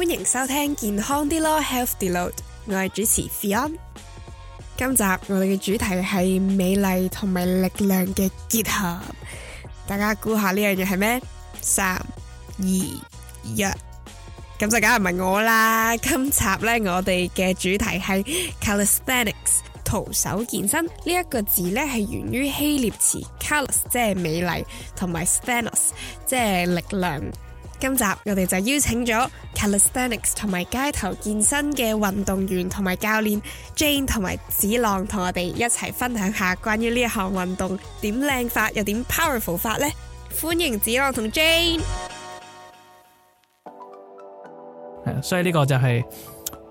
歡迎收聽健康啲咯，Health Deload。我係主持 Fion。今集我哋嘅主題係美麗同埋力量嘅結合。大家估下呢樣嘢係咩？三二一，咁就梗係唔係我啦。今集呢，我哋嘅主題係 Calisthenics 徒手健身呢一，這個字呢，係源於希臘詞 Calos，即係美麗，同埋 Stenos，即係力量。今集我哋就邀請咗 Calisthenics 同埋街頭健身嘅運動員同埋教練 Jane 同埋子郎同我哋一齊分享下關於呢一項運動，點靚法又點 powerful 法呢？歡迎子郎同 Jane。所以呢個就係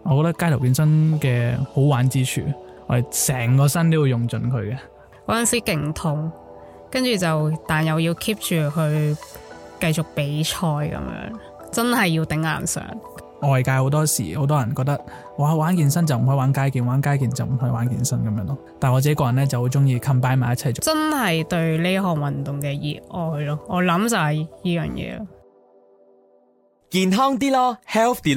我覺得街頭健身嘅好玩之處，我哋成個身都要用盡佢嘅，嗰陣時勁痛，跟住就但又要 keep 住去，繼續比賽咁樣，真係要頂硬上。外界好多時，好多人覺得，哇，玩健身就唔可以玩街健，玩街健就唔可以玩健身咁樣咯。但係我自己個人咧就好中意 combine 埋一齊做。真係對呢項運動嘅熱愛咯，我諗就係呢樣嘢。健康啲咯，healthy。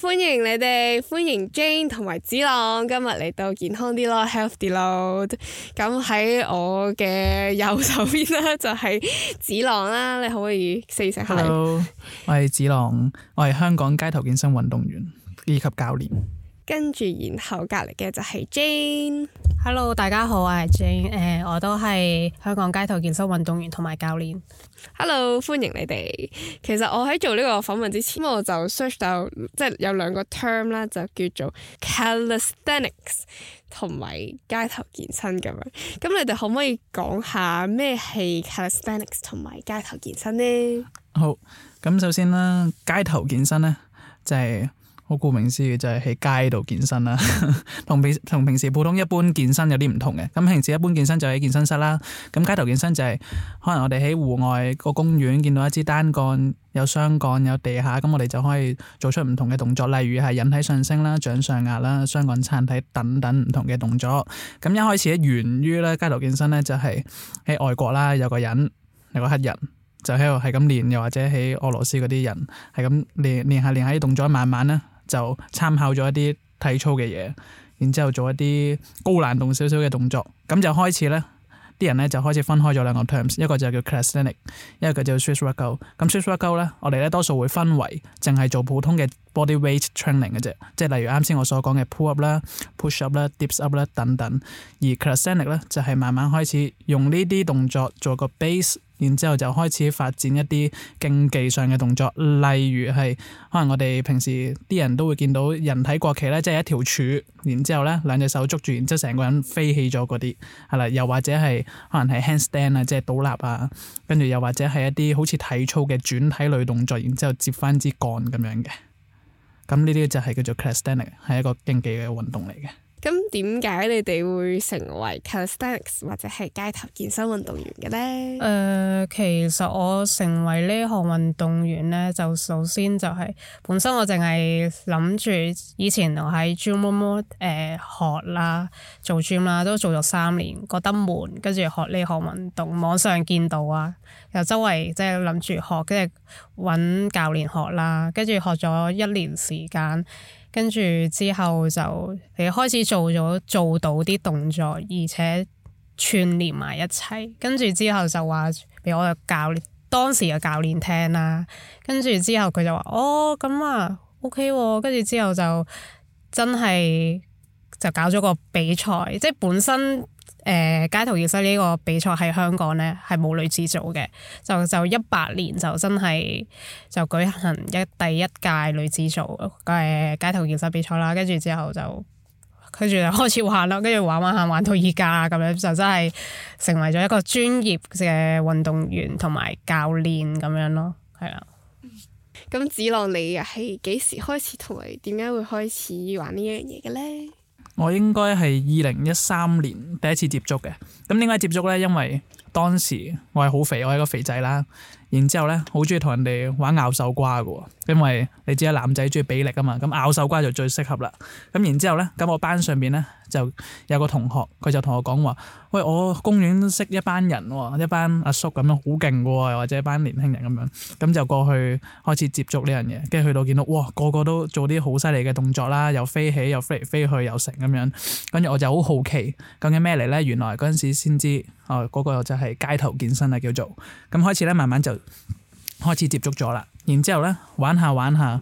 歡迎你哋，歡迎 Jane 同埋子郎，今日嚟到健康啲咯，Healthy Load。咁喺我嘅右手邊啦，就係、是、子郎啦，你好，可以四聲下 Hello，我係子郎，我係香港街頭健身運動員以及教練。跟住然後隔籬嘅就係 Jane。Hello，大家好，我係 Jane。誒，uh，我都係香港街頭健身運動員同埋教練。Hello，歡迎你哋。其實我喺做呢個訪問之前，咁我就 search 到，即係有兩個 term 啦，就叫做 calisthenics 同埋街頭健身咁樣。咁你哋可唔可以講下咩係 calisthenics 同埋街頭健身呢？好，咁首先啦，街頭健身呢，就係，就係。我顧名思義就係喺街度健身啦，同平同平時普通一般健身有啲唔同嘅。咁平時一般健身就喺健身室啦，咁街頭健身就係可能我哋喺戶外個公園見到一支單槓、有雙槓、有地下咁，我哋就可以做出唔同嘅動作，例如係引體上升啦、掌上壓啦、雙槓撐體等等唔同嘅動作。咁一開始源於咧街頭健身咧就係喺外國啦，有個人有個黑人就喺度係咁練，又或者喺俄羅斯嗰啲人係咁練練下練下啲動作，慢慢啦。就參考咗一啲體操嘅嘢，然之後做一啲高難度少少嘅動作，咁就開始呢啲人呢，就開始分開咗兩個 terms，一個就叫 classic，一個叫 switch rack 勾。咁 switch rack 勾呢，我哋呢多數會分為淨係做普通嘅 body weight training 嘅啫，即係例如啱先我所講嘅 pull up 啦、push up 啦、dips up 啦等等。而 classic 呢，就係、是、慢慢開始用呢啲動作做個 base。然之後就開始發展一啲競技上嘅動作，例如係可能我哋平時啲人都會見到人體國旗咧，即係一條柱，然之後咧兩隻手捉住，然之後成個人飛起咗嗰啲，係啦，又或者係可能係 handstand 啊，即係倒立啊，跟住又或者係一啲好似體操嘅轉體類動作，然之後接翻支槓咁樣嘅，咁呢啲就係叫做 Calisthenics，係一個競技嘅運動嚟嘅。咁點解你哋會成為 Calisthenics 或者係街頭健身運動員嘅呢？誒，其實我成為呢項運動員呢，就首先就係、是、本身我淨係諗住以前我喺 gym mode 學啦，做 gym 啦，都做咗三年，覺得悶，跟住學呢項運動，網上見到啊，又周圍即係諗住學，跟住揾教練學啦，跟住學咗一年時間。跟住之後就你開始做咗做到啲動作，而且串連埋一齊。跟住之後就話俾我嘅教練當時嘅教練聽啦。跟住之後佢就話：哦，咁啊，OK 喎、啊。跟住之後就真係就搞咗個比賽，即係本身。.誒、呃、街頭健身呢個比賽喺香港咧係冇女子組嘅，就就一八年就真係就舉行一第一屆女子組誒、就係、街頭健身比賽啦，跟住之後就跟住就開始玩啦，跟住玩玩下玩，玩，玩到而家咁樣就真係成為咗一個專業嘅運動員同埋教練咁樣咯，係啦。咁、嗯、子郎你係幾時開始同埋點解會開始玩呢樣嘢嘅咧？我應該係二零一三年第一次接觸嘅，咁點解接觸咧？因為當時我係好肥，我係一個肥仔啦。然之後咧，好中意同人哋玩拗手瓜嘅、哦，因為你知啊，男仔中意比力啊嘛，咁拗手瓜就最適合啦。咁然之後咧，咁我班上邊咧就有個同學，佢就同我講話，喂，我公園識一班人喎、哦，一班阿叔咁樣好勁喎，又或者一班年輕人咁樣，咁就過去開始接觸呢樣嘢。跟住去到見到，哇，個個都做啲好犀利嘅動作啦，又飛起，又飛嚟飛去，又成咁樣。跟住我就好好奇究竟咩嚟咧？原來嗰陣時先知，哦，嗰、嗰個就係街頭健身啊，叫做咁開始咧，慢慢就。開始接觸咗啦，然之後呢玩下玩下，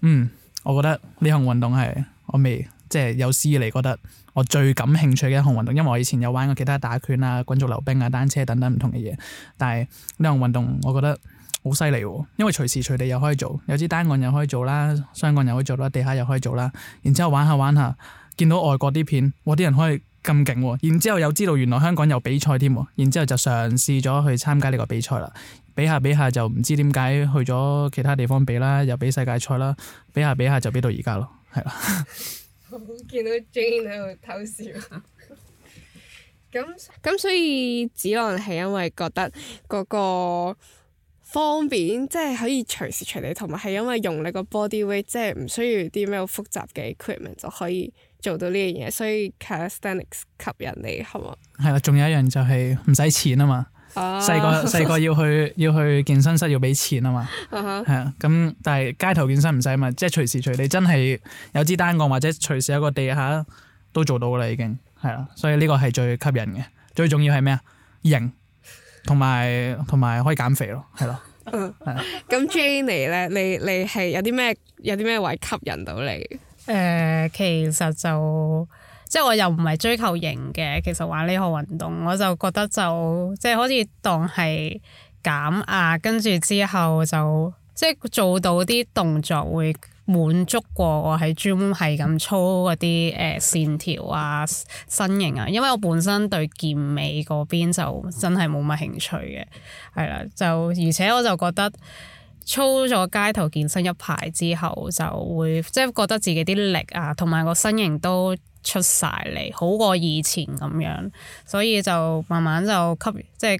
嗯，我覺得呢項運動係我未，即係有史以嚟覺得我最感興趣嘅一項運動，因為我以前有玩過其他打拳啊、滾軸溜冰啊、單車等等唔同嘅嘢，但係呢項運動我覺得好犀利，因為隨時隨地又可以做，有啲單槓又可以做啦，雙槓又可以做啦，地下又可以做啦，然之後玩下玩下，見到外國啲片，哇，啲人可以咁勁，然之後又知道原來香港有比賽添，然之後就嘗試咗去參加呢個比賽啦。比下比下就唔知點解去咗其他地方比啦，又比世界賽啦，比下比下就比到而家咯，係啦。 哦、見到 Jane 喺度偷笑。咁 咁所以子郎係因為覺得嗰個方便，即、就、係、是、可以隨時隨地，同埋係因為用你個 body weight，即係唔需要啲咩好複雜嘅 equipment 就可以做到呢樣嘢，所以 Calisthenics 吸引你係、就是、嘛？係啦，仲有一樣就係唔使錢啊嘛。細個細個要去要去健身室要俾錢啊嘛，係啊含， 咁但係街頭健身唔使嘛，即係隨時隨地真係有支單槓或者隨時有個地下都做到啦已經，係啦，所以呢個係最吸引嘅。最重要係咩啊？型同埋同埋可以減肥咯，係咯，係咁 Jane 咧，你你係有啲咩有啲咩位吸引到你？誒，其實就。即係我又唔係追求型嘅，其實玩呢項運動，我就覺得就即係好似當係減壓，跟住之後就即係做到啲動作會滿足過我喺 gym 係咁操嗰啲誒線條啊、身形啊，因為我本身對健美嗰邊就真係冇乜興趣嘅，係啦。就而且我就覺得操咗街頭健身一排之後，就會即係覺得自己啲力啊，同埋個身形都～出晒嚟，好過以前咁樣，所以就慢慢就吸，即係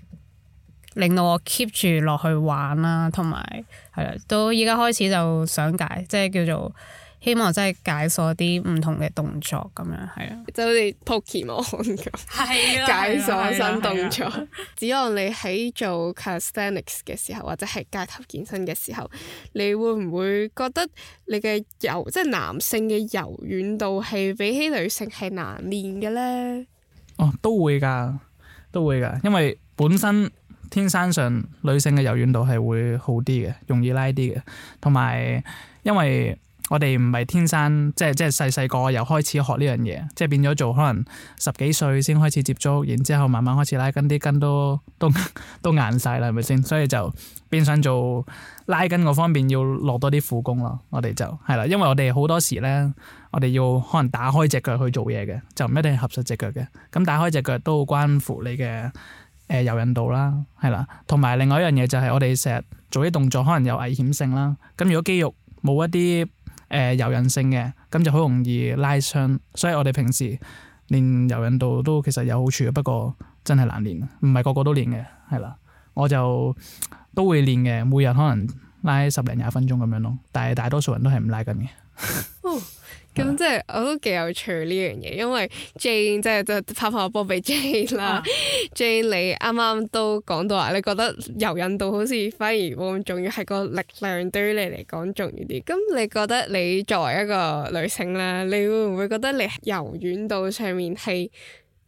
令到我 keep 住落去玩啦，同埋係啦，到依家開始就想解，即係叫做。希望真係解鎖啲唔同嘅動作咁樣，係啊，就好似 Poki 網咁，解鎖新動作。只望你喺做 c a s t a 嘅時候，或者係街頭健身嘅時候，你會唔會覺得你嘅柔，即係男性嘅柔軟度係比起女性係難練嘅咧？哦，都會噶，都會噶，因為本身天生上女性嘅柔軟度係會好啲嘅，容易拉啲嘅，同埋因為。我哋唔係天生，即係即係細細個又開始學呢樣嘢，即係變咗做可能十幾歲先開始接觸，然之後慢慢開始拉筋，啲筋都都都硬晒啦，係咪先？所以就變相做拉筋嗰方面要落多啲苦功咯。我哋就係啦，因為我哋好多時咧，我哋要可能打開隻腳去做嘢嘅，就唔一定係合實隻腳嘅。咁打開隻腳都關乎你嘅誒柔韌度啦，係啦。同埋另外一樣嘢就係我哋成日做啲動作可能有危險性啦。咁如果肌肉冇一啲，誒柔韌性嘅，咁就好容易拉傷，所以我哋平時練柔韌度都其實有好處嘅，不過真係難練，唔係個個都練嘅，係啦，我就都會練嘅，每日可能拉十零廿分鐘咁樣咯，但係大多數人都係唔拉緊嘅。 哦，咁即係我都幾有趣呢樣嘢，啊、因為 Jane 即係都拍拍波俾 Jane 啦，啊。 Jane 你啱啱都講到話，你覺得柔韌度好似反而冇咁重要，係個力量對於你嚟講重要啲。咁你覺得你作為一個女性啦，你會唔會覺得你柔韌度上面係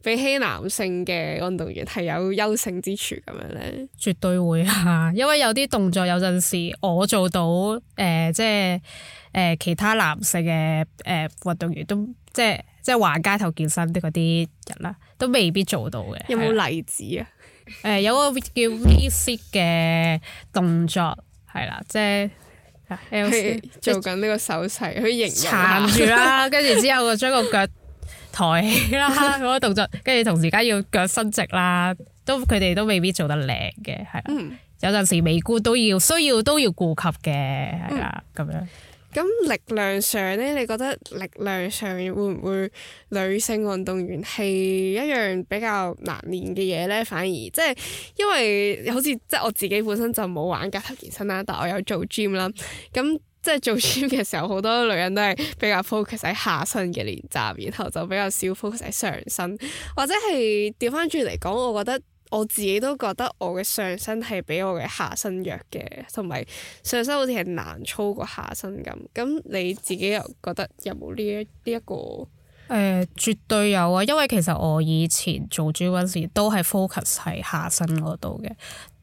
比起男性嘅運動員係有優勝之處咁樣呢？絕對會啊，因為有啲動作有陣時我做到誒、呃，即係。誒其他男性嘅誒、呃、運動員都即係即係玩街頭健身啲嗰啲人啦，都未必做到嘅。有冇例子啊？誒、啊、有個叫 V sit 嘅動作係啦、 啊，即係做緊呢個手勢去彎住啦，跟住、就是、之後就將個腳抬起啦，嗰 個動作跟住同時間要腳伸直啦，都佢哋都未必做得靚嘅，係啦、啊。嗯、有陣時美觀都要需要都要，要顧及嘅，係啦咁樣。嗯咁力量上咧，你覺得力量上會唔會女性運動員係一樣比較難練嘅嘢咧？反而即係、就是、因為好似即係我自己本身就冇玩街頭健身啦，但我有做 gym 啦。咁即係做 gym 嘅時候，好多女人都係比較 focus 喺下身嘅練習，然後就比較少 focus 喺上身，或者係調返轉嚟講，我覺得。我自己都覺得我嘅上身係比我嘅下身弱嘅，同埋上身好似係難操過下身咁。咁你自己又覺得有冇呢一呢一個？誒、呃，絕對有啊！因為其實我以前做 Gym 嗰時都係 focus 喺下身嗰度嘅。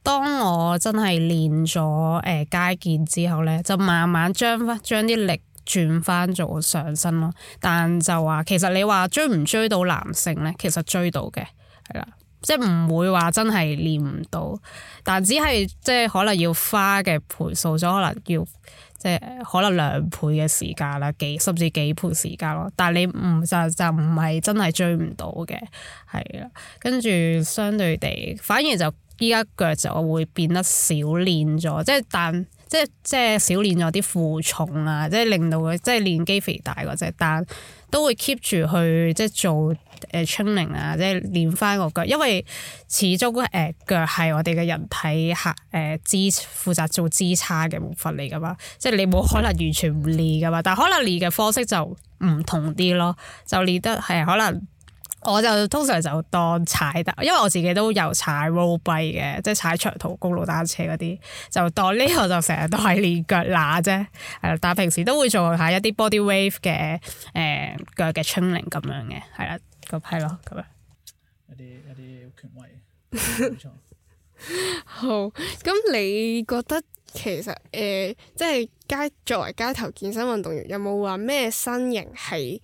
當我真係練咗誒、呃、街健之後咧，就慢慢將翻將啲力轉翻做上身咯。但就話其實你話追唔追到男性咧，其實追到嘅，係啦。即係唔會話真係練唔到，但只係即係可能要花嘅倍數，咗，可能要即係可能兩倍嘅時間啦，幾甚至幾倍時間咯。但係你唔就就唔係真係追唔到嘅，係啦。跟住相對地，反而就依家腳就會變得少練咗，即係但即即係少練咗啲負重啊，即係令到佢即係練肌肥大嗰隻，但都會 keep 住去即係做。誒 training 啊，即係練翻個腳，因為始終誒腳係我哋嘅人體下誒支負責做支撐嘅部分嚟噶嘛，即係你冇可能完全唔練噶嘛，但可能練嘅方式就唔同啲咯，就練得係、嗯、可能我就通常就當踩得，因為我自己都有踩 road bike 嘅，即係踩長途公路單車嗰啲，就當呢個就成日都係練腳乸啫，係啦，但平時都會做下一啲 body wave 嘅誒腳、呃、嘅 training 咁樣嘅，係啦。咁係咯，咁啊，一啲一啲權威，好，咁你覺得其實誒、呃，即係街作為街頭健身運動員，有冇話咩身形係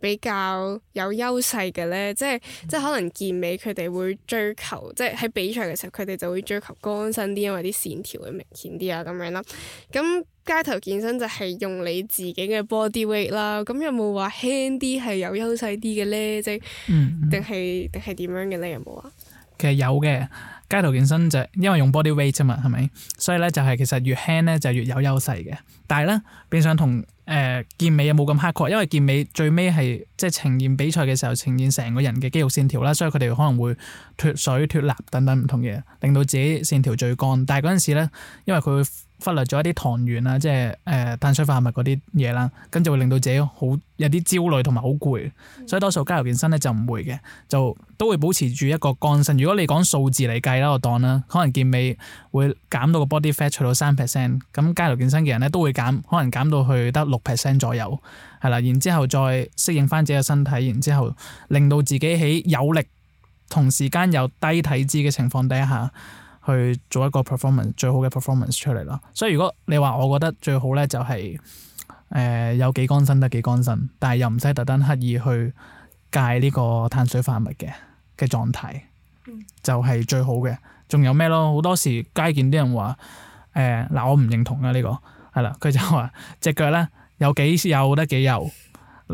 比較有優勢嘅咧，即係即係可能健美佢哋會追求，即係喺比賽嘅時候佢哋就會追求乾身啲，因為啲線條會明顯啲啊咁樣啦。咁街頭健身就係用你自己嘅 body weight 啦。咁有冇話輕啲係有優勢啲嘅咧？即係定係定係點樣嘅咧？有冇啊？其實有嘅街頭健身就係因為用 body weight 啊嘛，係咪？所以咧就係、係、其實越輕咧就越有優勢嘅。但係咧變相同。誒、呃、健美又冇咁 hardcore 因為健美最尾係即係呈現比賽嘅時候，呈現成個人嘅肌肉線條啦，所以佢哋可能會脱水、脱納等等唔同嘢，令到自己線條最乾。但係嗰陣時咧，因為佢會。忽略咗一啲糖原啊，即係誒碳水化合物嗰啲嘢啦，跟住會令到自己好有啲焦慮同埋好攰，嗯、所以多數街頭健身咧就唔會嘅，就都會保持住一個乾身。如果你講數字嚟計啦，我當啦，可能健美會減到個 body fat 除到三 percent，咁街頭健身嘅人咧都會減，可能減到去得六 percent 左右，係啦。然之後再適應翻自己嘅身體，然之後令到自己喺有力同時間又低體脂嘅情況底下。去做一個 performance 最好嘅 performance 出嚟啦，所以如果你話我覺得最好咧，就係、是、誒、呃、有幾乾身得幾乾身，但係又唔使特登刻意去戒呢個碳水化合物嘅嘅狀態，就係、是、最好嘅。仲有咩咯？好多時街見啲人話誒嗱，我唔認同啊呢、這個係啦，佢就話隻腳咧有幾幼得幾幼，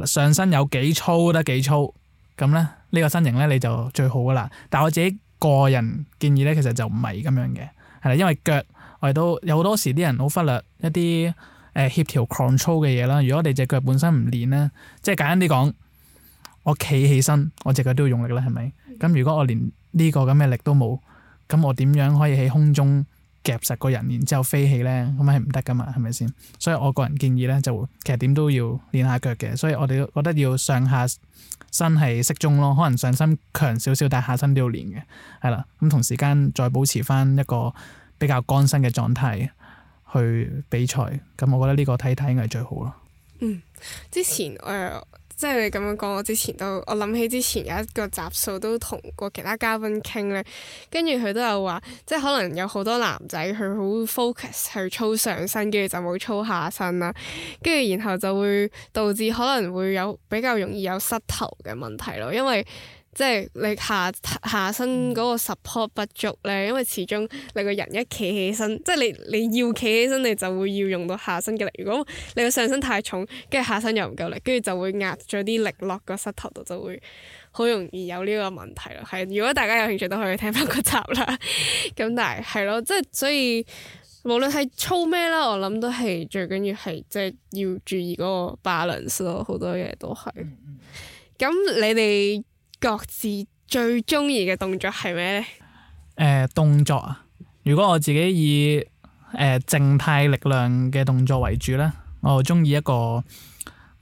上身有幾粗得幾粗咁咧，呢、這個身形咧你就最好噶啦。但係我自己，個人建議咧，其實就唔係咁樣嘅，係啦，因為腳我哋都有好多時啲人好忽略一啲誒、呃、協調 control 嘅嘢啦。如果你隻腳本身唔練呢，即係簡單啲講，我企起身，我隻腳都要用力啦，係咪？咁如果我連呢個咁嘅力都冇，咁我點樣可以喺空中？夾實個人，然之後飛起咧，咁係唔得噶嘛，係咪先？所以我個人建議咧，就其實點都要練下腳嘅，所以我哋覺得要上下身係適中咯，可能上身強少少，但下身都要練嘅，係啦。咁同時間再保持翻一個比較乾身嘅狀態去比賽，咁我覺得呢個睇睇應該係最好咯。嗯，之前誒。即係你咁樣講，我之前都我諗起之前有一個集數都同過其他嘉賓傾咧，跟住佢都有話，即係可能有好多男仔佢好 focus 去操上身，跟住就冇操下身啦，跟住然後就會導致可能會有比較容易有膝頭嘅問題咯，因為。即係你下下身嗰個 support 不足咧，因為始終你個人一企起身，即係你你要企起身，你就會要用到下身嘅力。如果你個上身太重，跟住下身又唔夠力，跟住就會壓咗啲力落個膝頭度，就會好容易有呢個問題啦。係，如果大家有興趣都可以聽翻個集啦。咁 但係係咯，即係所以無論係操咩啦，我諗都係最緊要係即係要注意嗰個 balance 咯，好多嘢都係。咁你哋各自最中意嘅動作係咩咧？誒、呃，動作啊！如果我自己以誒靜態力量嘅動作為主咧，我中意一個誒、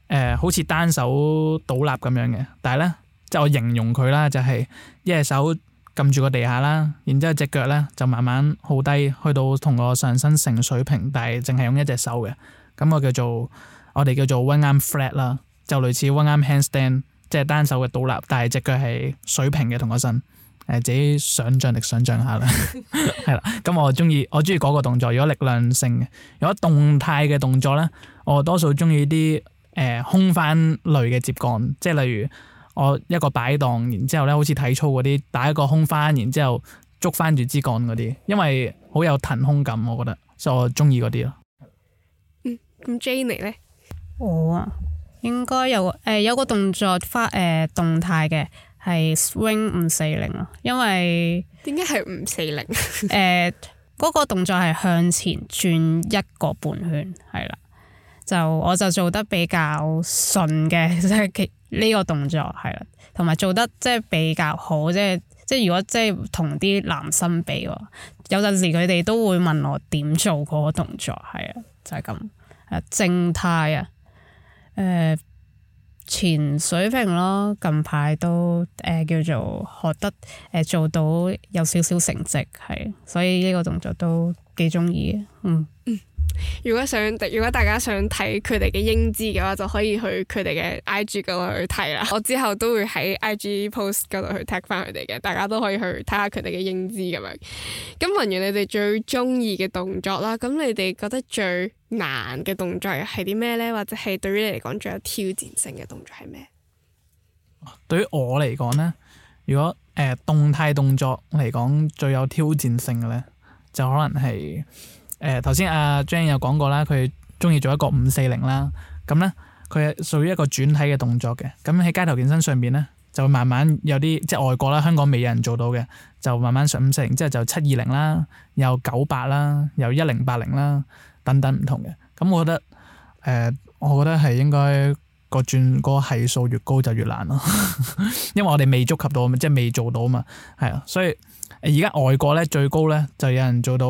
呃，好似單手倒立咁樣嘅。但係咧，即、就是、我形容佢啦、就是，就係一隻手撳住個地下啦，然之後隻腳咧就慢慢好低，去到同個上身成水平，但係淨係用一隻手嘅。咁我叫做我哋叫做 one arm flat 啦，就類似 one arm handstand。即係單手嘅倒立，但係隻腳係水平嘅同個身，誒、呃、自己想象力想象下啦，係 啦。 咁我中意我中意嗰個動作，如果力量性，如果動態嘅動作咧，我多數中意啲誒空翻類嘅接槓，即係例如我一個擺盪，然之後咧好似體操嗰啲打一個空翻，然之後捉翻住支槓嗰啲，因為好有騰空感，我覺得所以我中意嗰啲咯。嗯，咁 Jane 咧？我啊。應該有誒、呃、有個動作發誒、呃、動態嘅係 Swing 五四零啊，40，因為點解係五四零？誒嗰、 呃嗰個動作係向前轉一個半圈，係啦，就我就做得比較順嘅，即係其呢個動作係啦，同埋做得即係比較好，即係即係如果即係同啲男生比喎，有陣時佢哋都會問我點做嗰個動作，係啊，就係咁啊靜態啊。誒、呃，前水平咯，近排都誒、呃、叫做學得誒、呃、做到有少少成績，係所以呢個動作都幾中意嘅，嗯。如果想如果大家想睇佢哋嘅英姿嘅話，就可以去佢哋嘅 I G 嗰度去睇啦。 我之後都會喺 I G post 嗰度去 tag 翻佢哋嘅，大家都可以去睇下佢哋嘅英姿咁樣。咁問完你哋最中意嘅動作啦，咁你哋覺得最難嘅動作係啲咩呢？或者係對於你嚟講最有挑戰性嘅動作係咩？對於我嚟講呢，如果誒、呃、動態動作嚟講最有挑戰性嘅呢，就可能係。誒頭先阿 Jane 有講過啦，佢中意做一個五四零啦，咁咧佢係屬於一個轉體嘅動作嘅，咁喺街頭健身上邊咧就慢慢有啲即係外國啦，香港未有人做到嘅，就慢慢上五四零，之後就七二零啦，有九八百啦，有一零八零啦，等等唔同嘅，咁我覺得誒、呃，我覺得係應該個轉個係數越高就越難咯， 因為我哋未觸及到啊嘛，即係未做到啊嘛，係啊，所以而家、呃、外國咧最高咧就有人做到。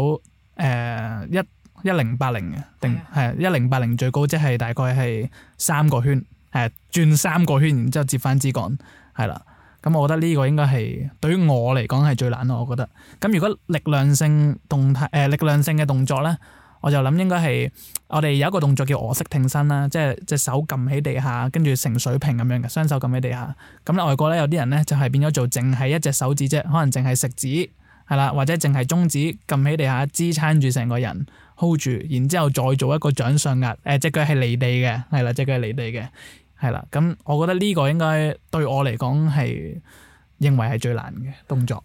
誒一一零八零嘅，呃、1, 1080，定係一零八零最高，即、就、係、是、大概係三個圈，誒轉三個圈，然之後接翻支杆，係啦。咁我覺得呢個應該係對於我嚟講係最難咯，我覺得。咁如果力量性動態，誒、呃、力量性嘅動作咧，我就諗應該係我哋有一個動作叫俄式挺身啦，即係隻手撳喺地下，跟住成水平咁樣嘅，雙手撳喺地下。咁咧外國咧有啲人咧就係、是、變咗做淨係一隻手指啫，可能淨係食指。係啦，或者淨係中指撳起地下，支撐住成個人 hold 住，然之後再做一個掌上壓，誒隻腳係離地嘅，係啦，隻腳係離地嘅，係啦。咁我覺得呢個應該對我嚟講係認為係最難嘅動作。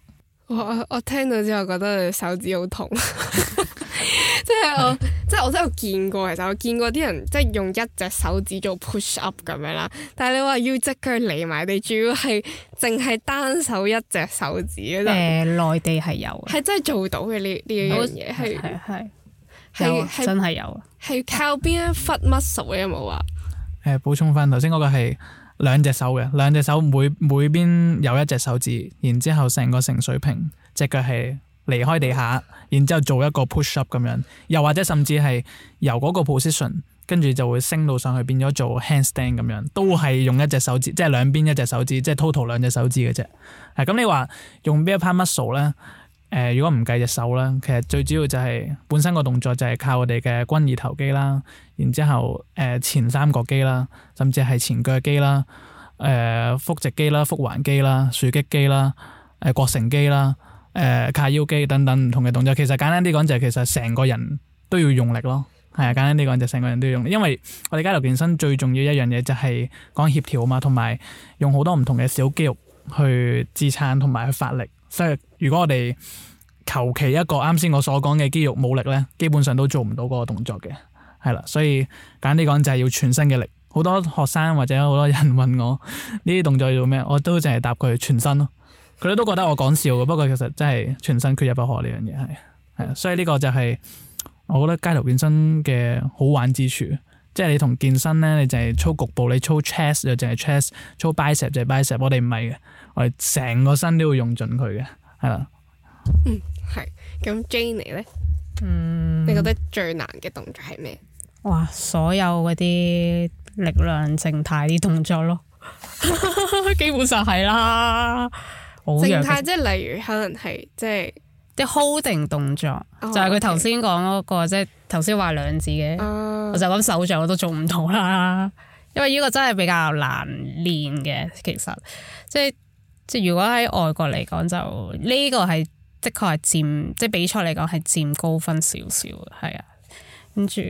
我我聽到之後覺得手指好痛。 即係我，是即係我都有見過。其實我見過啲人，即係用一隻手指做 push up 咁樣啦。但係你話要隻腳離埋地，主要係淨係單手一隻手指。度、呃。內以地係有，有，有，有，係真係做到嘅呢呢樣嘢，係係真係有，係靠邊一忽乜數嘅有冇啊？誒，補充翻頭先嗰個係兩隻手嘅，兩隻手每每邊有一隻手指，然之後成個成水平，隻腳係離開地下。然之後做一個 push up 咁樣，又或者甚至係由嗰個 position 跟住就會升到上去變咗做 handstand 咁樣，都係用一隻手指，即係兩邊一隻手指，即係 total 兩隻手指嘅啫。啊，咁你話用邊一 part muscle 咧？誒、呃，如果唔計隻手啦，其實最主要就係本身個動作就係靠我哋嘅肱二頭肌啦，然之後誒、呃、前三角肌啦，甚至係前腳肌啦，誒腹直肌啦、腹橫肌啦、豎脊肌啦、誒膈神肌啦。呃誒、呃，卡腰肌等等唔同嘅動作，其實簡單啲講就係，其實成個人都要用力咯。係啊，簡單啲講就成個人都要用力，因為我哋街頭健身最重要一樣嘢就係講協調啊嘛，同埋用好多唔同嘅小肌肉去支撐同埋去發力。所以如果我哋求其一個啱先我所講嘅肌肉無力咧，基本上都做唔到嗰個動作嘅。係啦、啊，所以簡單啲講就係要全身嘅力。好多學生或者好多人問我呢啲動作要做咩，我都淨係答佢全身咯。佢哋都覺得我講笑嘅，不過其實真係全身缺一不可呢樣嘢係，係啊，嗯、所以呢個就係我覺得街頭健身嘅好玩之處。即係你同健身咧，你淨係操局部，你操 chest 就淨係 chest，操 bicep 就係 bicep，我哋唔係嘅，我哋成個身都會用盡佢嘅，係啊。嗯，係。咁 Jane 咧，嗯，你覺得最難嘅動作係咩？哇，所有嗰啲力量靜態啲動作咯， 基本上係啦。靜態即係例如可能係即係啲 holding 動作，oh, okay. 就係佢頭先講嗰個，即係頭先話兩字嘅，oh. 我就咁手掌我都做唔到啦，因為呢個真係比較難練嘅，其實即係即係如果喺外國嚟講，就呢個係的確係佔即係比賽嚟講係佔高分少少嘅，係啊，跟住。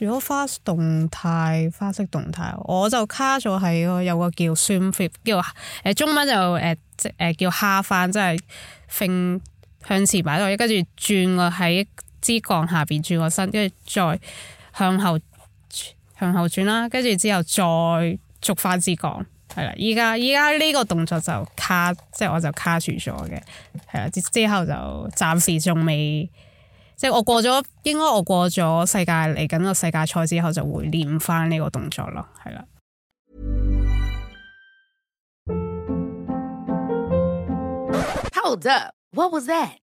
如果花式動態，花式動態，我就卡咗喺個有個叫 spin 叫誒、呃、中文就誒即誒叫蝦翻，即係揈向前擺落，跟住轉個喺支槓下邊轉個身，跟住再向後向後轉啦，跟住之後再捉翻支槓，係啦。依家依家呢個動作就卡，即係我就卡住咗嘅，係啦。之之後就暫時仲未。即係我過咗，應該我過咗世界嚟緊個世界賽之後，就會練翻呢個動作咯，係啦。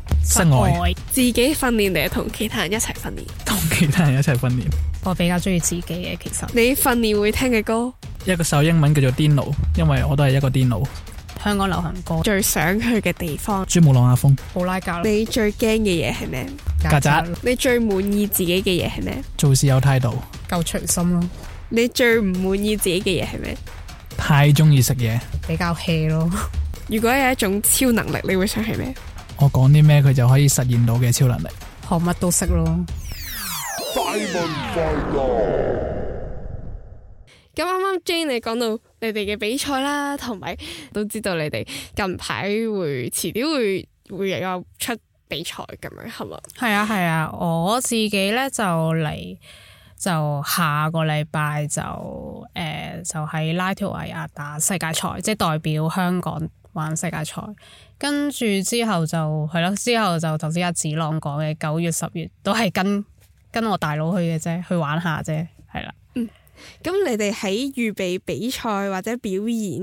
室外，自己訓練定係，同其他人一齊訓練？同其他人一齊訓練。我比較中意自己嘅，其實。你訓練會聽嘅歌？一個首英文叫做《癲佬》，因為我都係一個癲佬。香港流行歌最想去嘅地方？珠穆朗瑪峰。布拉格。你最驚嘅嘢係咩？曱甴螂。你最滿意自己嘅嘢係咩？螂做事有態度，夠決心咯。你最唔滿意自己嘅嘢係咩？太中意食嘢。比較 hea 咯。 如果有一種超能力，你會想係咩？我講啲咩佢就可以實現到嘅超能力，學乜都識咯。快咁啱啱 Jane 你講到你哋嘅比賽啦，同埋都知道你哋近排會遲啲會會有出比賽咁樣，係嘛？係啊係啊，我自己咧就嚟就下個禮拜就誒就喺拉脱維亞打世界賽，即係代表香港玩世界賽。跟住之後就係咯，之後就頭先阿子朗講嘅九月十月都係跟跟我大佬去嘅啫，去玩下啫，係啦。咁、嗯、你哋喺預備比賽或者表演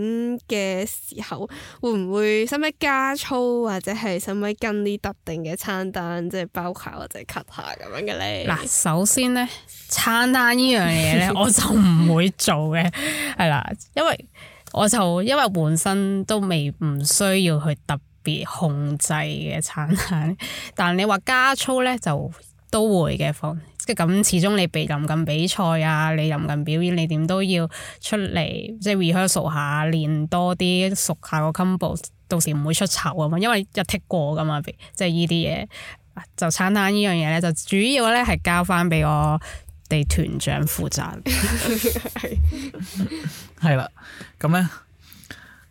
嘅時候，會唔會使唔使加操，或者係使唔使跟啲特定嘅餐單，即係 bulk 下或者 cut 下咁樣嘅咧？嗱，首先呢，餐單呢樣嘢咧， 我就唔會做嘅，係啦，因為我就因為本身都未唔需要去特。別控制嘅餐單，但你話加操呢就都會嘅放即係咁始終你被臨近比賽啊，你臨近表演，你點都要出嚟即係 rehearsal 下練多啲熟下個 combo，到時唔會出醜啊嘛，因為一剔過噶嘛。即係呢啲嘢就餐單呢樣嘢呢，就主要呢係交翻俾我哋團長負責，係係啦，咁咧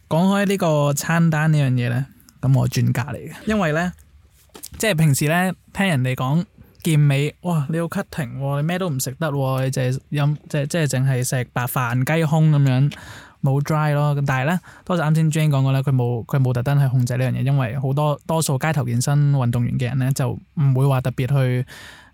講開呢個餐單呢樣嘢呢。咁我專家嚟嘅，因為咧，即係平時咧聽人哋講健美，哇！你要 cutting 喎、哦，你咩都唔食得喎、哦，你就係飲，即係即係淨係食白飯雞胸咁樣，冇 dry 咯。咁但係咧，多謝啱先 Jane 講過咧，佢冇佢冇特登去控制呢樣嘢，因為好多多數街頭健身運動員嘅人咧，就唔會話特別去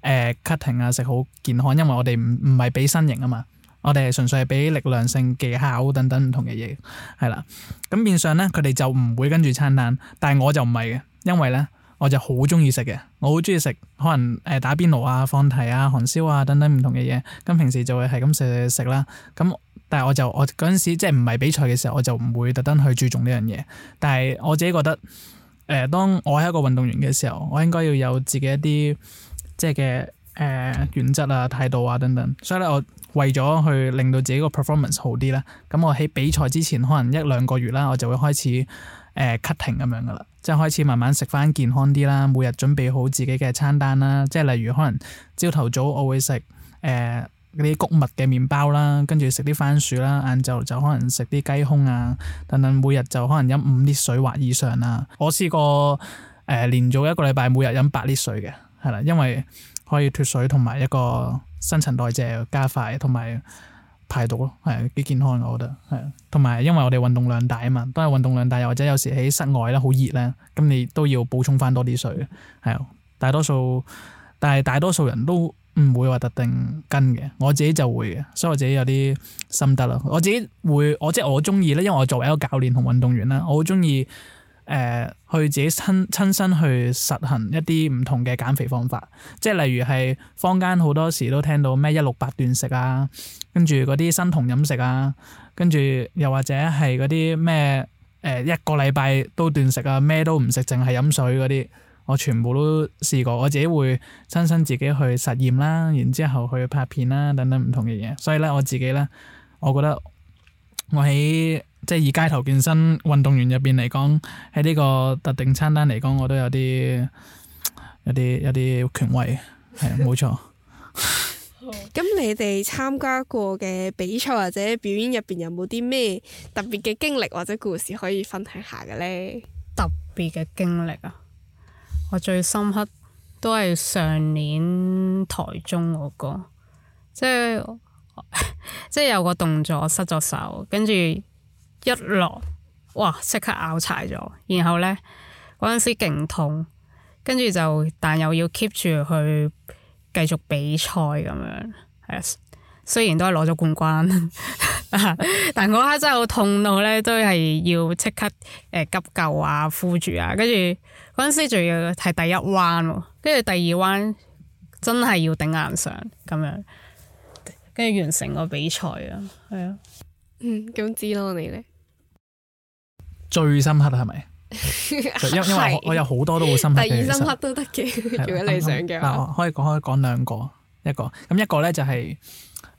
誒 cutting、呃、啊，食好健康，因為我哋唔唔係比身形啊嘛。我哋係純粹係俾力量性技巧等等唔同嘅嘢，係啦。咁變相咧，佢哋就唔會跟住餐單，但係我就唔係嘅，因為咧，我就好中意食嘅，我好中意食可能誒、呃、打邊爐啊、放題啊、韓燒啊等等唔同嘅嘢。咁平時就會係咁食食食啦。咁但係我就我嗰陣時即係唔係比賽嘅時候，我就唔會特登去注重呢樣嘢。但係我自己覺得，誒、呃，當我係一個運動員嘅時候，我應該要有自己一啲即係嘅誒原則啊、態度啊等等。所以咧，我。為咗去令到自己個 performance 好啲啦，咁我喺比賽之前可能一兩個月啦，我就會開始誒 cutting 咁樣噶啦，即係開始慢慢食翻健康啲啦，每日準備好自己嘅餐單啦，即係例如可能朝頭早我會食誒嗰啲谷物嘅麵包啦，跟住食啲番薯啦，晏晝就可能食啲雞胸啊等等，每日就可能飲五升水或以上啦、啊。我試過誒、呃、連續一個禮拜每日飲八升水嘅，係啦，因為可以脫水同埋一個。新陳代謝加快，同埋排毒咯，係幾健康我覺得係。同埋因為我哋運動量大啊嘛，都係運動量大，又或者有時喺室外咧好熱咧，咁你都要補充翻多啲水。係，大多數，但係大多數人都唔會話特定跟嘅，我自己就會嘅，所以我自己有啲心得啦。我自己會，我即係我中意咧，因為我作為一 L 教練同運動員啦，我好中意。誒、呃、去自己親親身去實行一啲唔同嘅減肥方法，即係例如係坊間好多時都聽到咩一六八斷食啊，跟住嗰啲生酮飲食啊，跟住又或者係嗰啲咩誒一個禮拜都斷食啊，咩都唔食，淨係飲水嗰啲，我全部都試過，我自己會親身自己去實驗啦，然之後去拍片啦，等等唔同嘅嘢，所以咧我自己咧，我覺得我喺。即係以街頭健身運動員入邊嚟講，喺呢個特定餐單嚟講，我都有啲有啲有啲權威，係啊， 冇錯。咁 你哋參加過嘅比賽或者表演入邊，有冇啲咩特別嘅經歷或者故事可以分享下嘅呢？特別嘅經歷啊，我最深刻都係上年台中嗰個，即係即係有個動作失咗手，跟住。一落，哇！即刻拗柴咗，然後呢，嗰陣時勁痛，跟住就但又要 keep 住去繼續比賽咁樣，係啊，雖然都係攞咗冠軍， 但嗰刻真係好痛到呢，都係要即刻急救啊，敷住啊，跟住嗰陣時仲要係第一彎，跟住第二彎真係要頂硬上咁樣，跟住完成個比賽啊，係啊，嗯，咁知咯你呢？最深刻係咪？因 因為我有好多都好深刻。 第二深刻都得嘅， 對如果你想嘅。嗱，可以講，可以講兩個，一個咁一個咧就係、是、誒、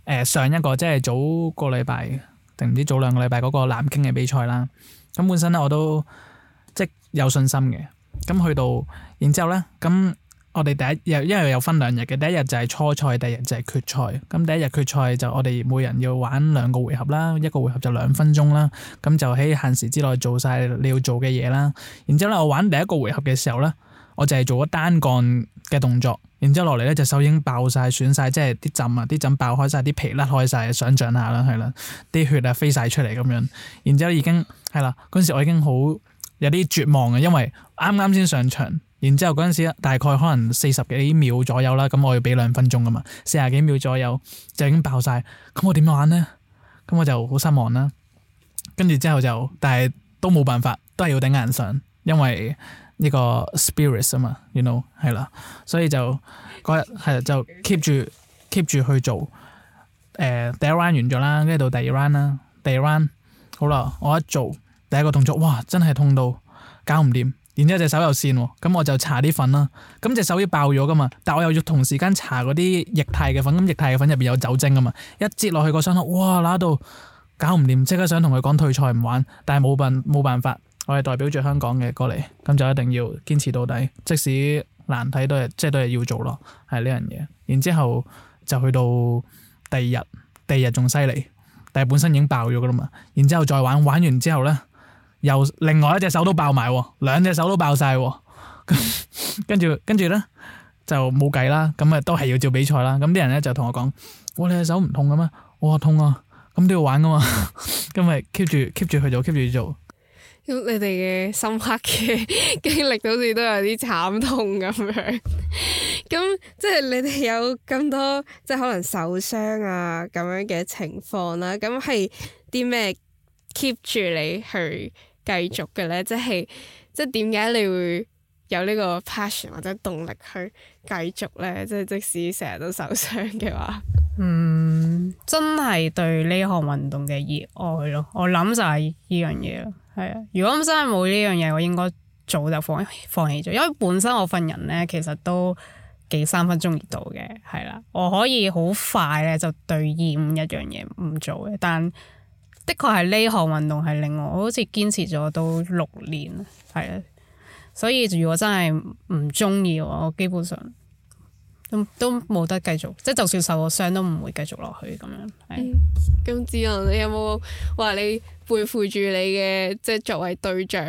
呃、上一個即係、就是、早個禮拜定唔知早兩個禮拜嗰個南京嘅比賽啦。咁本身咧我都即、就是、有信心嘅。咁去到然之後咧咁。我哋第一日，因為有分兩日嘅，第一日就係初賽，第二日就係決賽。咁第一日決賽就我哋每人要玩兩個回合啦，一個回合就兩分鐘啦。咁就喺限時之內做晒你要做嘅嘢啦。然之後咧，我玩第一個回合嘅時候咧，我就係做咗單槓嘅動作。然之後落嚟咧，隻手已經爆晒、損晒，即係啲枕啊、啲枕爆開晒、啲皮甩開晒。想象下啦，係啦，啲血啊飛晒出嚟咁樣。然之後已經係啦，嗰時我已經好有啲絕望啊，因為啱啱先上場。然之後嗰陣時，大概可能四十幾秒左右啦，咁我要俾兩分鐘噶嘛，四十幾秒左右就已經爆曬，咁我點玩呢？咁我就好失望啦。跟住之後就，但係都冇辦法，都係要頂硬上，因為呢個 spirit 啊嘛，you know 係啦，所以就嗰日係就 keep 住 keep 住去做。誒，第一 round 完咗啦，跟住到第二 round 啦，第二 round 好啦，我一做第一個動作，哇，真係痛到搞唔掂。然之後隻手又跣喎，咁我就搽啲粉啦。咁隻手要爆咗噶嘛，但我又要同時間搽嗰啲液態嘅粉。咁液態嘅粉入邊有酒精噶嘛，一接落去個傷口，哇！嗱度搞唔掂，即刻想同佢講退賽唔玩，但係冇辦冇辦法，我係代表住香港嘅過嚟，咁就一定要堅持到底，即使難睇都係即係都係要做咯，係呢樣嘢。然之後就去到第二日，第二日仲犀利，但係本身已經爆咗噶啦嘛。然之後再玩，玩完之後咧。又另外一隻手都爆埋喎，兩隻手都爆晒喎。咁 跟住跟住咧就冇計啦。咁啊都係要照比賽啦。咁啲人咧就同我講，哇！你隻手唔痛嘅咩？我痛啊！咁都要玩噶嘛，咁咪 keep 住 keep 住去做，keep 住做。咁 你哋嘅深刻嘅經歷，好似都有啲慘痛咁樣。咁 即係你哋有咁多，即係可能受傷啊咁樣嘅情況啦。咁係啲咩 keep 住你去繼續嘅咧，即係即係點解你會有呢個 passion 或者動力去繼續咧？即係即使成日都受傷嘅話，嗯，真係對呢項運動嘅熱愛咯。我諗就係呢樣嘢咯，係啊。如果咁真係冇呢樣嘢，我應該早就放放棄咗。因為本身我份人咧，其實都幾三分鐘熱度嘅，係啦。我可以好快咧就對厭一樣嘢唔做嘅，但。的確係呢項運動係令我，我好似堅持咗都六年，係啊，所以如果真係唔中意嘅話，基本上都冇得繼續，即就算受過傷都唔會繼續落去咁樣。咁，子郎、嗯、你有冇話你背負住你嘅即係作為隊長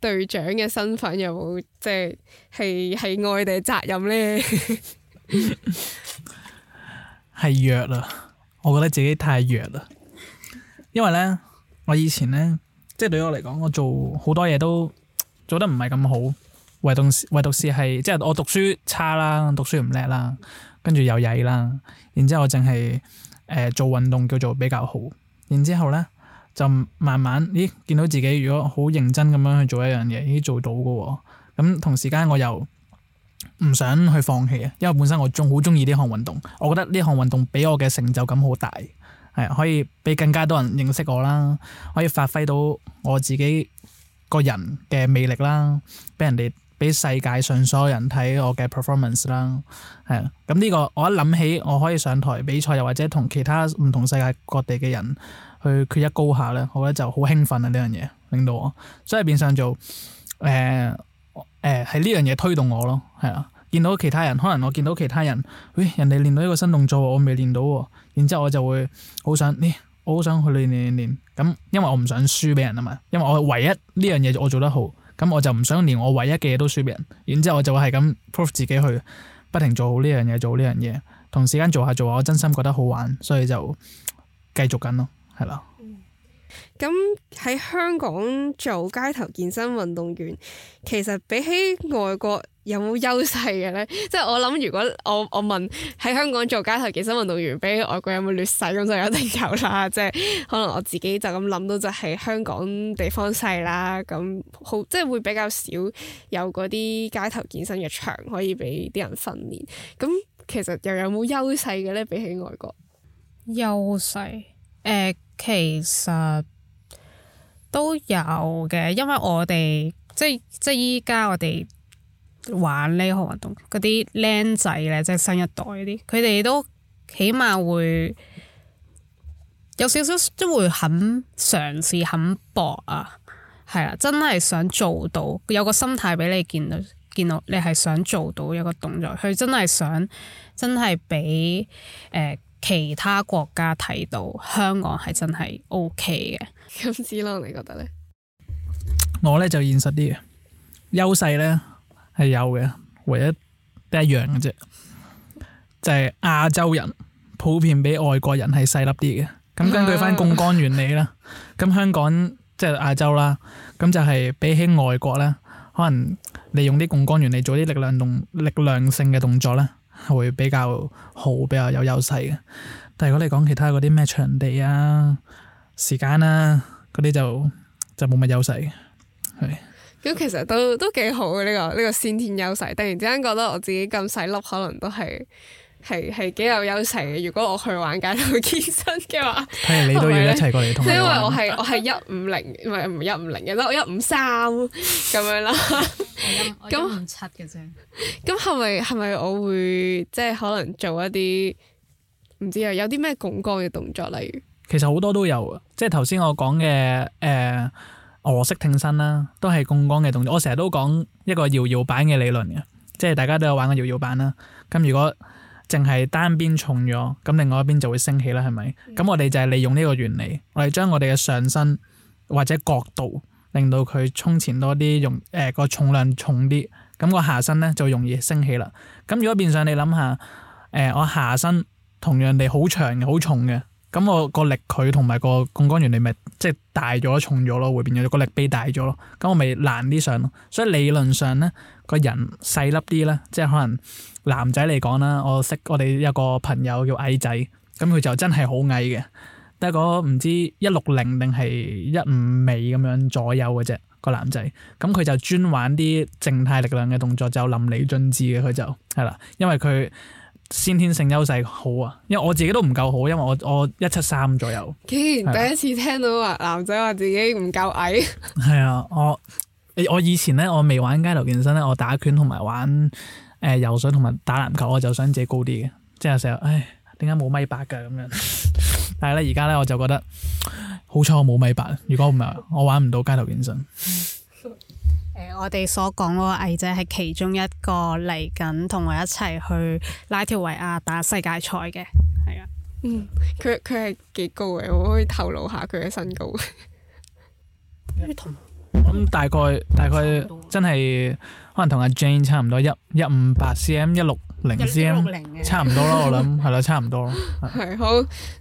隊 長嘅身份，有冇即係係係愛定責任呢？係 弱啦，我覺得自己太弱啦。因為咧，我以前咧，即係對我嚟講，我做好多嘢都做得唔係咁好，唯獨唯獨是係，即係我讀書差啦，讀書唔叻啦，跟住又曳啦，然之後我淨係誒做運動叫做比較好。然之後咧，就慢慢咦見到自己如果好認真咁樣去做一樣嘢，咦，做到噶哦。咁同時間我又唔想去放棄啊，因為本身我仲好中意呢項運動，我覺得呢項運動俾我嘅成就感好大。係可以俾更加多人認識我啦，可以發揮到我自己個人嘅魅力啦，俾人哋，俾世界上所有人睇我嘅 performance 啦。係啊，咁、嗯、呢、呢個我一諗起我可以上台比賽，又或者同其他唔同世界各地嘅人去決一高下咧，我覺得就好興奮啊！呢樣嘢令到我，所以變相做，誒、呃、誒，係呢樣嘢推動我咯。係啊，見到其他人，可能我見到其他人，誒人哋練到一個新動作，我未練到喎。然之後我就會好想呢、哎，我好想去練練練。咁因為我唔想輸俾人啊嘛，因為我唯一呢樣嘢我做得好，咁我就唔想連我唯一嘅嘢都輸俾人。然之後我就會係咁 prove 自己去，不停做好呢樣嘢，做好呢樣嘢，同時間做下做下，我真心覺得好玩，所以就繼續緊咯，係啦。咁喺香港做街頭健身運動員，其實比起外國有冇優勢嘅咧？即係我諗，如果我我問喺香港做街頭健身運動員，比起外國有冇劣勢，咁就一定有啦。即係可能我自己就咁諗到，就係香港地方細啦，咁好即係會比較少有嗰啲街頭健身嘅場可以俾啲人訓練。咁其實又有冇優勢嘅咧？比起外國，優勢誒。Uh, 其實都有嘅，因為我哋即係即係依家我哋玩呢項運動嗰啲靚仔咧，即係新一代啲，佢哋都起碼會有少少都會肯嘗試，肯搏啊，係啊，真係想做到有個心態俾你見到見到你係想做到一個動作，佢真係想真係俾誒。呃其他國家睇到香港係真係 O K 嘅，咁子郎你覺得呢？我呢就現實啲嘅，優勢呢係有嘅，唯一都一樣嘅啫，就係、是、亞洲人普遍比外國人係細粒啲嘅。咁根據翻槓桿原理啦，咁 香港即係、就是、亞洲啦，咁就係比起外國呢，可能利用啲槓桿原理做啲力量動力量性嘅動作呢。會比較好，比較有優勢嘅。但如果你講其他嗰啲咩場地啊、時間啊嗰啲就就冇乜優勢嘅。係咁其實都都幾好嘅呢個呢個先天優勢。突然之間覺得我自己咁細粒，可能都係。係係幾有優勢嘅。如果我去玩街頭健身嘅話，睇你都要一齊過嚟同我，因為我係我係一五零唔係唔係一五零嘅啦，我一五三咁樣啦。 我一五七嘅啫。咁係咪係咪我會即係、就是、可能做一啲唔知啊？有啲咩槓桿嘅動作，例如其實好多都有，即係頭先我講嘅誒俄式挺身啦，都係槓桿嘅動作。我成日都講一個搖搖板嘅理論嘅，即係大家都有玩過搖搖板啦。咁如果淨係單邊重咗，咁另外一邊就會升起啦，係咪？咁、嗯、我哋就係利用呢個原理，我哋將我哋嘅上身或者角度，令到佢衝前多啲，用誒個、呃、重量重啲，咁、那個下身咧就容易升起啦。咁如果變相你諗下，誒、呃、我下身同樣地好長嘅，好重嘅。咁我個力佢同埋個槓桿原理咪即係大咗重咗咯，會變咗個力臂大咗咯。咁我咪難啲上咯。所以理論上咧，個人細粒啲咧，即係可能男仔嚟講啦，我識我哋有個朋友叫矮仔，咁佢就真係好矮嘅，得個唔知一六零定係一五尾咁樣左右嘅啫。個男仔咁佢就專玩啲靜態力量嘅動作，就淋漓盡致嘅佢就係啦，因為佢。先天性優勢好啊，因為我自己都唔夠好，因為我我一七三左右。竟然 Key,、啊、第一次聽到話男仔話自己唔夠矮。係啊，我我以前咧，我未玩街頭健身咧，我打拳同埋玩誒、呃、游水同埋打籃球，我就想借高啲嘅，即係成日唉，點解冇米八㗎咁樣？ 但係咧而家咧，我就覺得好彩我冇米八，如果唔係我玩唔到街頭健身。 我哋所講嗰個藝姐係其中一個嚟緊同我一齊去拉脫維亞打世界賽嘅，係啊，嗯，佢佢係幾高嘅，我可以透露下佢嘅身高。咁大概大概真係可能同阿 Jane 差唔多，一一五八 cm，一六零 cm，1, 差唔多咯， 我諗係咯，差唔多。係 好，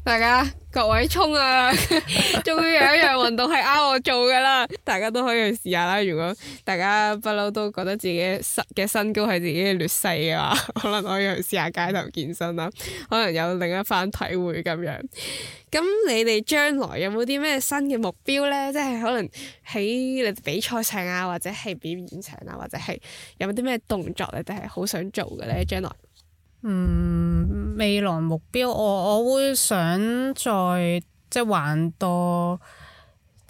大家，各位衝啊！終 於有一樣運動係啱我做㗎啦，大家都可以去試下啦。如果大家不嬲都覺得自己身嘅身高係自己嘅劣勢嘅話，可能可以去試下街頭健身啦，可能有另一番體會咁樣。咁你哋將來有冇啲咩新嘅目標咧？即係可能喺你比賽上啊，或者係表演上啊，或者係有冇啲咩動作你哋係好想做嘅咧？將來嗯，未來目標我我會想再即係玩多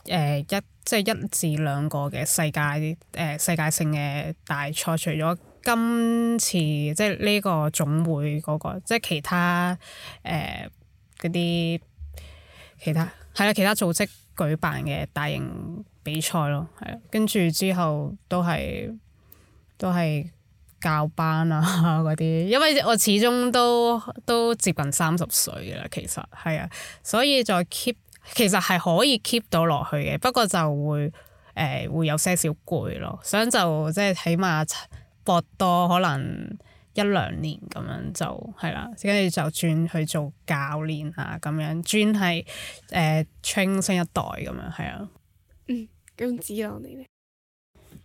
誒、呃、一即係一至兩個嘅世界誒、呃、世界性嘅大賽，除咗今次即係呢個總會嗰、那個，即係其他誒嗰啲其他係啦、啊，其他組織舉辦嘅大型比賽咯。係跟住之後都係都係。教班啊嗰啲， 因為我始終都都接近三十歲啦，其實係啊，所以再 keep 其實係可以 keep 到落去嘅，不過就會誒、欸、會有些少攰咯，想就即係起碼搏多可能一兩年咁樣就係啦，跟住、啊、就轉去做教練啊咁樣，專係誒 training 新一代咁樣係啊。嗯，咁子朗你咧？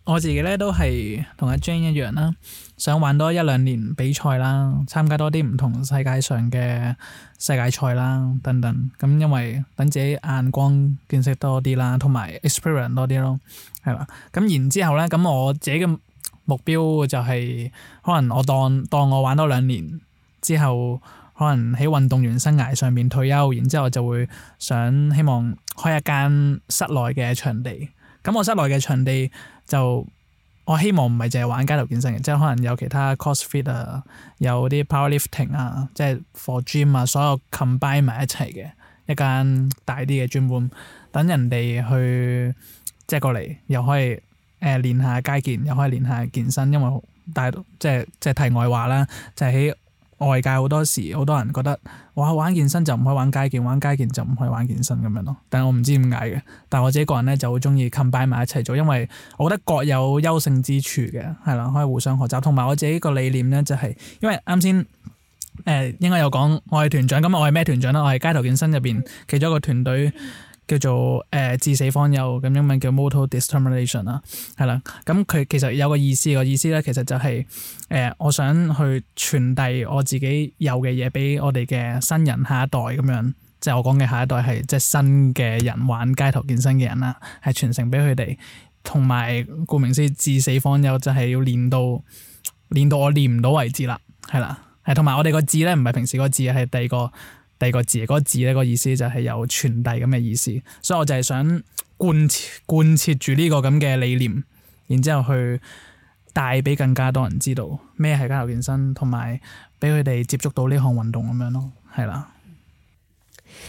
我自己咧都係同阿 Jane 一樣啦，想玩多一兩年比賽啦，參加多啲唔同世界上嘅世界賽啦等等。咁因為等自己眼光見識多啲啦，同埋 experience 多啲咯，係啦。咁然之後咧，咁我自己嘅目標就係可能我當當我玩多兩年之後，可能喺運動員生涯上面退休，然之後就會想希望開一間室內嘅場地。咁我室內嘅場地就我希望唔係淨係玩街頭健身嘅，即係可能有其他 crossfit 啊，有啲 powerlifting 啊，即係 for gym 啊，所有 combine 埋一齊嘅一間大啲嘅專門等人哋去即係過嚟，又可以誒、呃、練下街健，又可以練下健身，因為大即係即係題外話啦，就喺、是。外界好多時，好多人覺得哇玩健身就唔可以玩街健，玩街健就唔可以玩健身咁樣咯。但係我唔知點解嘅，但係我自己個人咧就好中意 combine 埋一齊做，因為我覺得各有優勝之處嘅，係啦，可以互相學習。同埋我自己個理念咧，就係，就係因為啱先誒應該有講我係團長，咁我係咩團長咧？我係街頭健身入邊其中一個團隊。叫做誒至、呃、死方休，咁英文叫 Mortal Determination 啦，係、嗯、啦，咁佢其實有個意思、這個意思咧，其實就係、是、誒、呃、我想去傳遞我自己有嘅嘢俾我哋嘅新人下一代咁樣，即係我講嘅下一代係即係新嘅人玩街頭健身嘅人啦，係傳承俾佢哋，同埋顧名思義至死方休就係要練到練到我練唔到為止啦，係啦，係同埋我哋個字咧唔係平時個字，係第二個。第二個字，嗰、那個字咧，嗰個意思就係有傳遞咁嘅意思，所以我就係想貫徹貫徹住呢個咁嘅理念，然之後去帶俾更加多人知道咩係街頭健身，同埋俾佢哋接觸到呢項運動咁樣咯，係啦。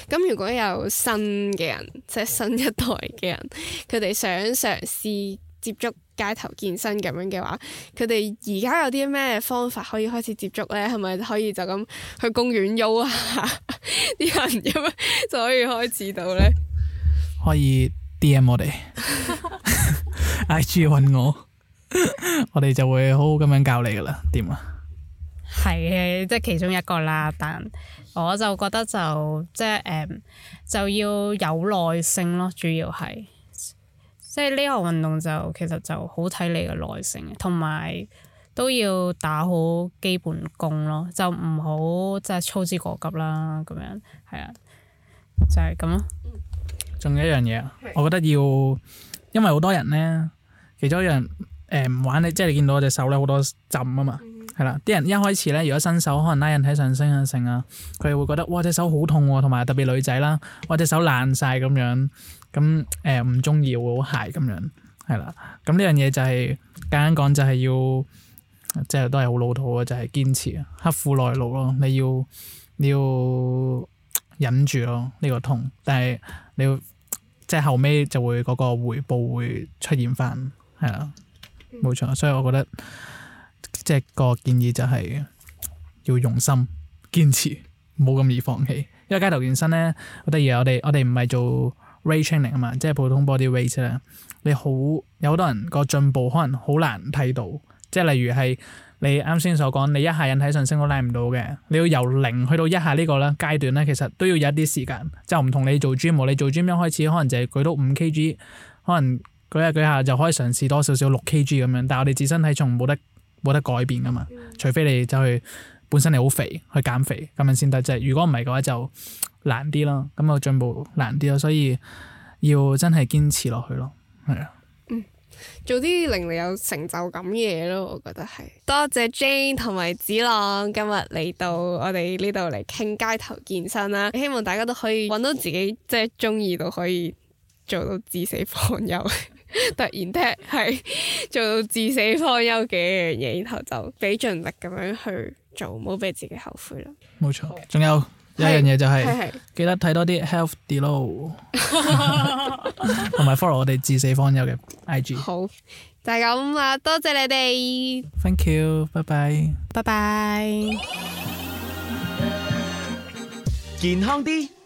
咁如果有新嘅人，即係新一代嘅人，佢哋想嘗試接觸街頭健身咁樣嘅話，佢哋而家有啲咩方法可以開始接觸咧？係咪可以就咁去公園喐啊？啲人咁樣就可以開始到咧？哦？可以 D M 我哋，I G 搵我， 我哋就會好好咁樣教你噶啦，點啊？係嘅， 即係其中一個啦。但我就覺得就即係誒、呃，就要有耐性咯，主要係。即係呢項運動就其實就好睇你嘅耐性，同埋都要打好基本功咯，就唔好即係操之過急啦。咁樣係啊，就係咁咯。仲有一樣嘢啊，我覺得要，因為好多人咧，其中一樣誒唔、呃、玩、就是、你即係你見到我隻手咧好多浸啊嘛。係啦，啲人一開始咧，如果新手可能拉引體上升啊成啊，佢會覺得哇隻手好痛喎、啊，同埋特別女仔啦，哇隻手爛晒咁樣，咁誒唔中意喎好鞋咁樣，係啦，咁呢樣嘢就係簡單講就係要，即係都係好老土嘅，就係、是、堅持啊，刻苦耐勞咯，你要你要忍住咯呢、這個痛，但係你要即係後尾就會嗰個回報會出現翻，係啦，冇錯，所以我覺得。即係個建議就係要用心堅持，冇咁易放棄。因為街頭健身咧，第二我哋我哋唔係做 weight training 啊嘛，即係普通 body weight 啦。你好有好多人個進步可能好難睇到，即係例如係你啱先所講，你一下引體上升都拉唔到嘅，你要由零去到一下個呢個咧階段咧，其實都要有一啲時間。就唔同你做 gym，你做 gym 一開始可能就係舉到五 kg，可能舉下舉下就可以嘗試多少少六 kg 咁樣，但係我哋自身體重冇得。冇得改變㗎嘛，除非你走去本身你好肥去減肥咁樣先得，即係。如果唔係嘅話就難啲咯，咁啊進步難啲咯，所以要真係堅持落去咯，係啊。嗯，做啲令你有成就感嘅嘢咯，我覺得係。多謝 Jane 同埋子郎今日嚟到我哋呢度嚟傾街頭健身啦，希望大家都可以搵到自己即係中意到可以做到至死方休。 突然踢係做到至死方休嘅一樣嘢，然後就俾盡力咁樣去做，唔好俾自己後悔啦。冇錯錯，仲 Okay. 有，有一樣嘢就係、是、記得睇多啲 Health Delo 啲咯， 同埋 follow 我哋至死方休嘅 IG。 好，就咁、是、啦，多謝你哋。Thank you，拜拜。拜拜。健康啲。